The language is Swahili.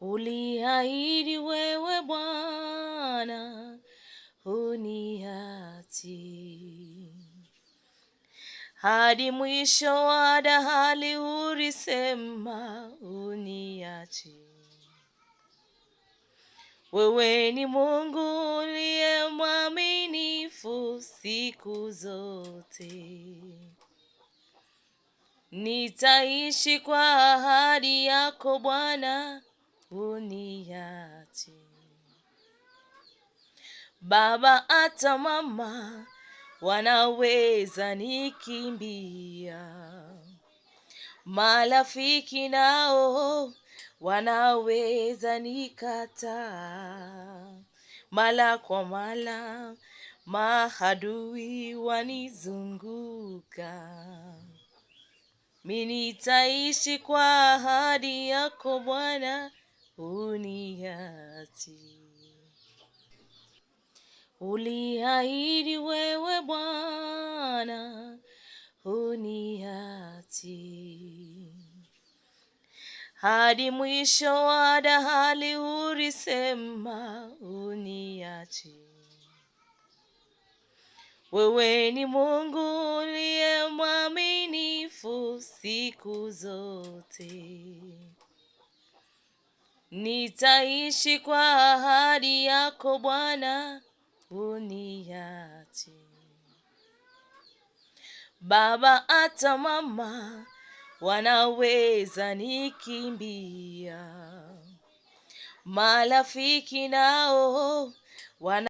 Uliahidi wewe Bwana huniachi, hadi mwisho wa dahali ulisema uniachi. Wewe ni Mungu uliye mwaminifu siku zote. Nitaishi kwa ahadi yako Bwana kuniachi. Baba hata mama wanaweza nikimbia, marafiki nao wanaweza nikata mala kwa mala mahadui wanizunguka. Mimi nitaishi kwa ahadi yako Bwana uniachi. Uliahidi wewe Bwana uniachi hadi mwisho wa dahali, ulisema uniachi. Wewe ni Mungu uliye mwaminifu siku zote. Nitaishi kwa ahadi yako Bwana, uniache Baba. Hata mama wanaweza nikimbia, marafiki nao wana